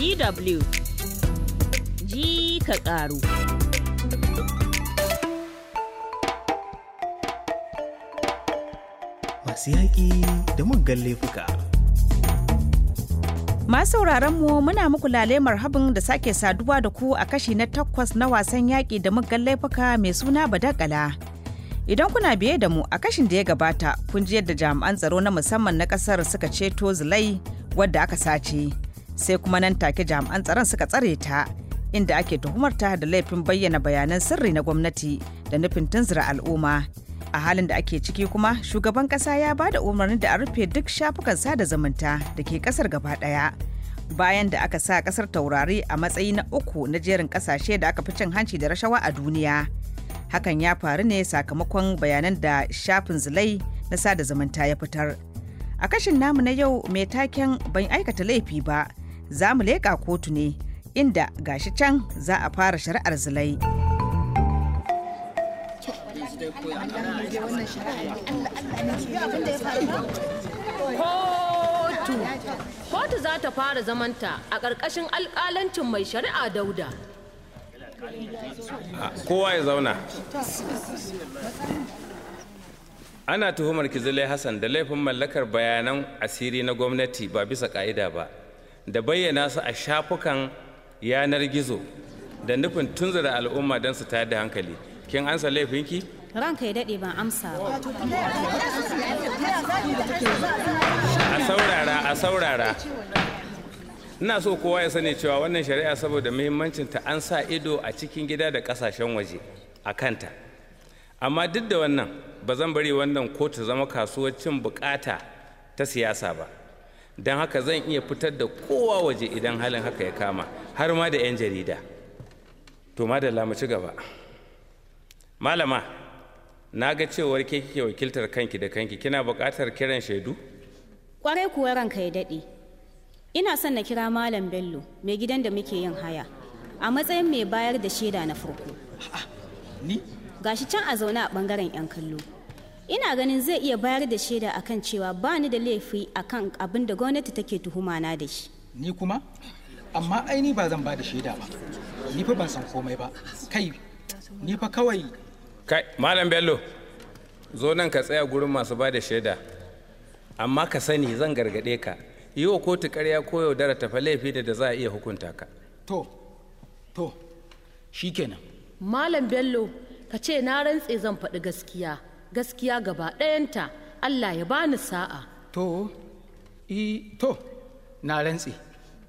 DW ji ka ƙaru. Masu yaƙi da muggan laifuka. Masu mu muna muku lalemar habin da sake saduwa da ku a kashi na takwas na wasan yaƙi da muggan laifuka mai suna badakala. Idan kuna biye da mu a kashin da ya gabata kun ji yadda jami'an tsaro na musamman na ƙasar suka ceto zulai wadda aka sace. sai kuma nan take jami'an tsaron suka tsare ta inda ake tuhumarta da laifin bayyana bayanan sirri na gwamnati da nufin tunzura al'umma a halin da ake ciki kuma shugaban kasa ya ba da umarni da a rufe duk shafukan sada zumunta da ke kasar gaba daya bayan da aka sa kasar taurari a matsayi na uku na jerin kasashe da aka fi cin hanci da rashawa a duniya hakan ya faru ne sakamakon bayanan da shafin zulai na sada zumunta ya fitar a kashin namu na yau mai taken ban aikata laifi ba za mu leƙa kotu ne inda gashi can za a fara shari'ar zulai. Kotu Kotu za ta fara zamanta a ƙarƙashin alƙalancin mai shari'a dauda. Kowa ya zauna. Ana tuhumar Kizilai Hassan da laifin mallakar bayanan asiri na gwamnati ba bisa ƙa'ida ba. da bayyana su a shafukan yanar gizo da nufin tunzura al'umma don su tayar da hankali kin ansa laifinki ranka ya daɗe ban amsa ba a saurara a saurara ina so kowa ya sani cewa wannan shari'a saboda muhimmancinta an sa ido a cikin gida da kasashen waje a kanta amma duk da wannan ba zan bari wannan kotu zama kasuwar cin bukata ta siyasa ba don haka zan iya fitar da kowa waje idan halin haka ya kama har ma da 'yan jarida to madalla mu ci gaba malama na ga cewar ke kike wakiltar kanki da kanki kina bukatar kiran shaidu kwarai kuwa ranka ya daɗe ina son na kira malam bello mai gidan da muke yin haya a matsayin mai bayar da shaida na farko ni gashi can a zaune a bangaren 'yan kallo ina ganin zai iya bayar da shaida akan cewa ba ni da laifi akan abin da gwamnati take tuhuma na da shi ni kuma amma aini ba zan ba da shaida ba ni fa ban san komai ba kai ni fa kawai kai malam bello zo nan ka tsaya gurin masu ba da shaida amma ka sani zan gargade ka yi wa kotu karya ko yaudara tafa laifi da da za a iya hukunta ka to to shikenan malam bello ka ce na rantse zan faɗi gaskiya gaskiya gaba ɗayanta Allah ya bani sa'a. To, i to, na rantse.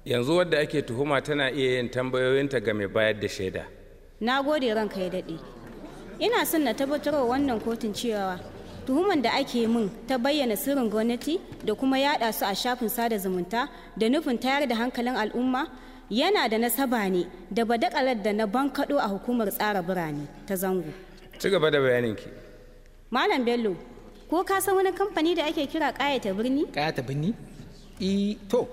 Yanzu wadda ake tuhuma tana iya yin tambayoyinta ga mai bayar da shaida. Na gode ranka ya daɗe. Ina son na tabbatarwa wannan kotun cewa tuhuman da ake min ta bayyana sirrin gwamnati da kuma yaɗa su a shafin sada zumunta da nufin tayar da hankalin al'umma yana da nasaba ne da badakalar da na bankaɗo a hukumar tsara birane ta zango. Ci gaba da bayaninki. Malam Bello, ko ka san wani kamfani da ake kira ƙayata birni? Ƙayata birni? E, to,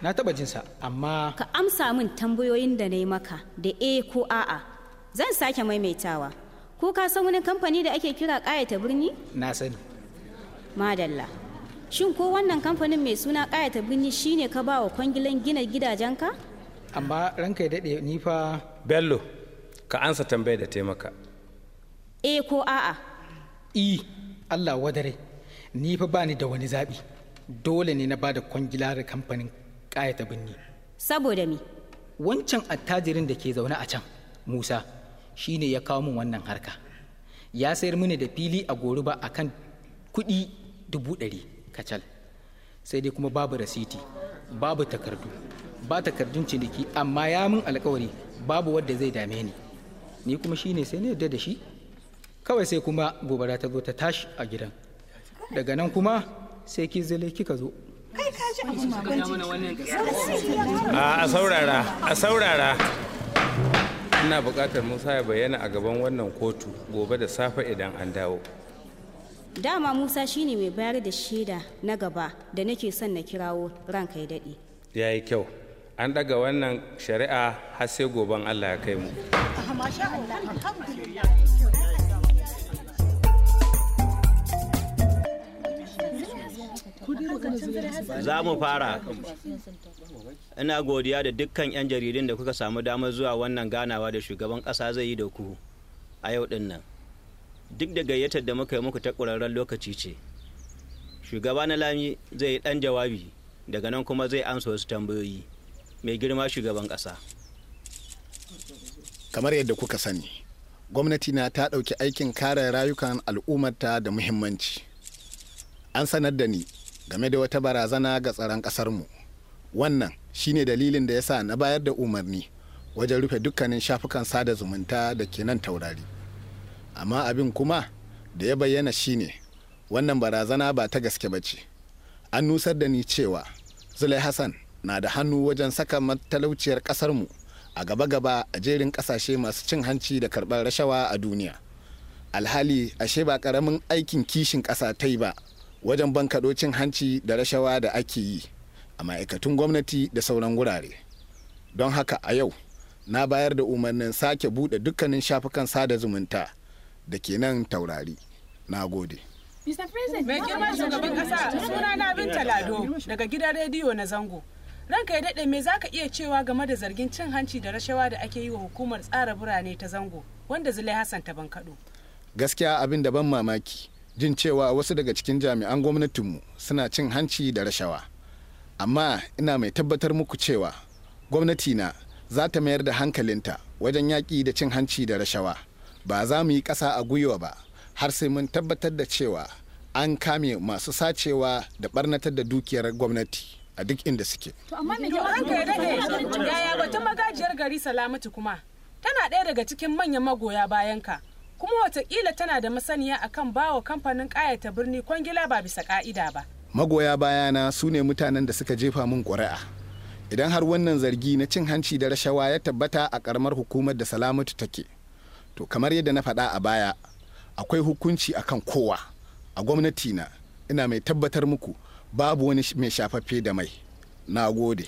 na taba jinsa, amma... Ka amsa min tambayoyin da na yi maka da e ko a'a. Zan sake maimaitawa. Ko ka san wani kamfani da ake kira ƙayata birni? Na sani. Madalla. Shin ko wannan kamfanin mai suna ƙayata birni shine ka ba wa kwangilan gina gidajenka? Amma ranka ya daɗe ni fa... Bello, ka ansa tambaya da taimaka. E ko a'a. i allah wadare ni fa ba ni da wani zaɓi dole ne na ba bada kwangilar kamfanin ƙayata birni saboda mi? wancan attajirin da ke zaune a can musa shi ne ya kawo min wannan harka ya sayar mini da fili a goruba a kan kuɗi dubu ɗari kacal sai dai kuma babu rasiti babu takardu ba takardun ciniki amma ya min alkawari babu wadda zai dame ni ni kuma shi ne sai na yarda da shi kawai sai kuma gobara ta zo ta tashi a gidan daga nan kuma sai ki kika zo a saurara a saurara ina buƙatar musa ya bayyana a gaban wannan kotu gobe da safe idan an dawo dama musa shine mai bayar da shaida na gaba da nake son na kirawo ran ya daɗe ya yi kyau an ɗaga wannan shari'a har sai goben allah ya kai mu za mu fara ina godiya da dukkan 'yan jaridun da kuka samu damar zuwa wannan ganawa da shugaban ƙasa zai yi da ku a yau ɗin nan duk da gayyatar da muka yi muku ta ƙurarren lokaci ce shugaba na lami zai yi ɗan jawabi daga nan kuma zai amsa wasu tambayoyi mai girma shugaban ƙasa kamar yadda kuka sani gwamnati na ta ɗauki aikin kare rayukan al'ummarta da muhimmanci an sanar da ni game da wata barazana ga tsaron ƙasarmu wannan shine dalilin da ya sa na bayar da umarni wajen rufe dukkanin shafukan sada zumunta da ke nan taurari amma abin kuma da ya bayyana shine wannan barazana ba ta gaske ba ce an nusar da ni cewa zulai hassan na da hannu wajen saka matalauciyar ƙasarmu a gaba-gaba a jerin ƙasashe masu cin hanci da karɓar rashawa a duniya alhali ashe ba ƙaramin aikin kishin ƙasa ta yi ba wajen bankaɗo cin hanci da rashawa da ake yi a ma'aikatun gwamnati da sauran wurare don haka a yau na bayar da umarnin sake buɗe dukkanin shafukan sada zumunta da ke nan taurari na gode mai girma shugaban kasa sunana binta lado daga gidan rediyo na zango ranka ya daɗe me ka iya cewa game da zargin cin hanci da rashawa da ake yi wa hukumar tsara birane ta zango wanda zulai hassan ta bankaɗo gaskiya abin da ban mamaki jin cewa wasu daga cikin jami'an gwamnatinmu suna cin hanci da rashawa amma ina mai tabbatar muku cewa gwamnati na za ta mayar da hankalinta wajen yaƙi da cin hanci da rashawa ba za mu yi ƙasa a gwiwa ba har sai mun tabbatar da cewa an kame masu sacewa da barnatar da dukiyar gwamnati a duk inda suke. magajiyar gari salamatu kuma tana ɗaya daga cikin manyan magoya bayanka. kuma watakila tana da masaniya akan bawa kamfanin ƙayata birni kwangila ba bisa ka'ida ba magoya bayana su ne mutanen da suka jefa min ƙuri'a idan har wannan zargi na cin hanci da rashawa ya tabbata a ƙaramar hukumar da salamatu take to kamar yadda na faɗa a baya akwai hukunci akan kowa a gwamnati na ina mai tabbatar muku babu wani mai shafaffe da mai na gode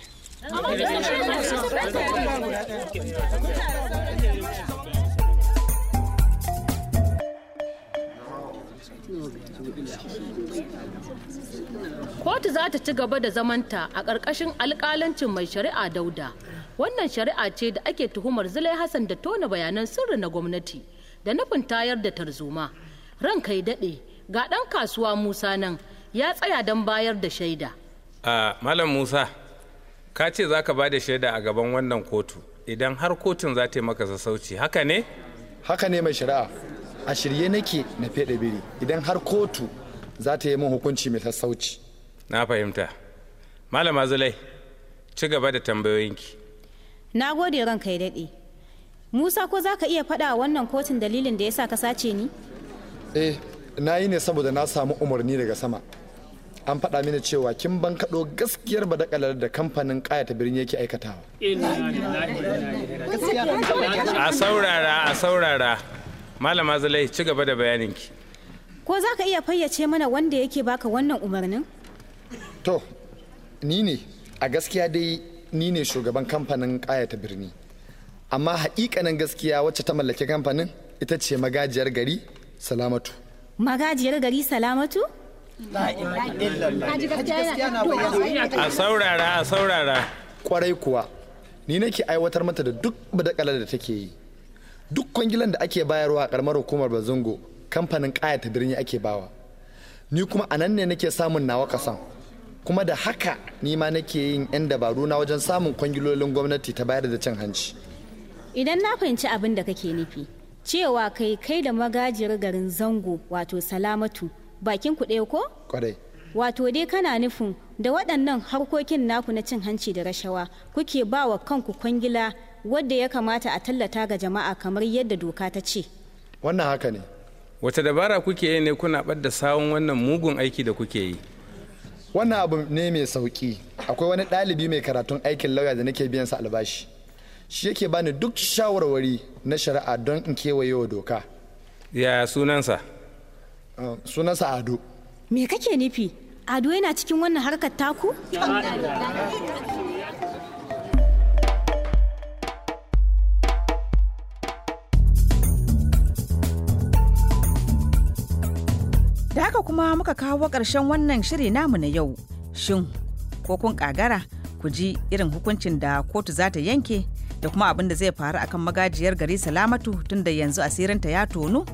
kotu za ta ci gaba da zamanta a ƙarƙashin alƙalancin mai shari'a dauda wannan shari'a ce da ake tuhumar zulai hassan da tona bayanan sirri na gwamnati da nufin tayar da tarzoma ran kai daɗe ga ɗan kasuwa musa nan ya tsaya don bayar da shaida a malam musa ka ce za ka ba da shaida a gaban wannan kotu idan har kotun za ta yi maka sassauci haka ne haka ne mai shari'a a shirye nake na feɗe biri idan har kotu za ta yi min hukunci mai sassauci na fahimta malama zulai ci gaba da tambayoyinki na gode ranka ya daɗe musa ko za ka iya faɗa wannan kotun dalilin da ya sa ka sace ni eh na yi ne saboda na samu umarni daga sama an faɗa mini cewa kin ban kaɗo gaskiyar ba da kamfanin ƙayata birni yake aikatawa. A saurara, a saurara. Malama Zulai, ci gaba da bayaninki. ko za ka iya fayyace mana wanda yake baka wannan umarnin to ni ne a gaskiya dai ni ne shugaban kamfanin ƙayata birni amma haƙiƙanin gaskiya wacce ta mallaki kamfanin ita ce magajiyar gari salamatu magajiyar gari salamatu a saurara a saurara kwarai kuwa ni nake aiwatar mata da duk badakalar da take yi duk kwangilan da ake bayarwa a karamar hukumar bazungo kamfanin ƙayata birni ake bawa ni kuma a nan ne nake samun nawa kasan kuma da haka ni ma nake yin 'yan dabaru na wajen samun kwangilolin gwamnati ta bayar da cin hanci idan na fahimci abin da kake nufi cewa kai kai da magajiyar garin zango wato salamatu bakin ku ɗaya ko kwarai wato dai kana nufin da waɗannan harkokin naku na cin hanci da rashawa kuke ba wa kanku kwangila wadda ya kamata a tallata ga jama'a kamar yadda doka ta ce wannan haka ne wata dabara kuke yi ne kuna ɓadda sawun wannan mugun aiki da kuke yi wannan abu ne mai sauki akwai wani ɗalibi mai karatun aikin lauya da nake biyan sa albashi shi yake bani duk shawarwari na shari'a don in kewaye wa doka ya sunansa uh, sunansa ado me kake nufi ado yana cikin wannan harkar taku Da haka kuma muka kawo ƙarshen wannan shiri namu na yau. Shin, ko kun ƙagara ku ji irin hukuncin da kotu za ta yanke da kuma abin da zai faru akan magajiyar gari Salamatu tun da yanzu asirinta ya tonu?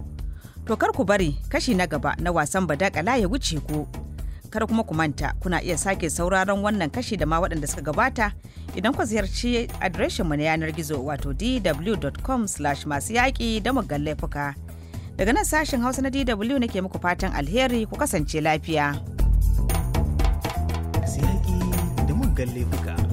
To kar ku bari kashi na gaba na wasan badakala ya wuce ku. Kar kuma ku manta kuna iya sake sauraron wannan kashi da ma waɗanda suka gabata idan ku ziyarci adireshinmu na yanar gizo wato dw.com/masu yaƙi da muggan Daga nan sashen Hausa na DW nake muku fatan alheri ku kasance lafiya. Siyaki da muggan laifuka.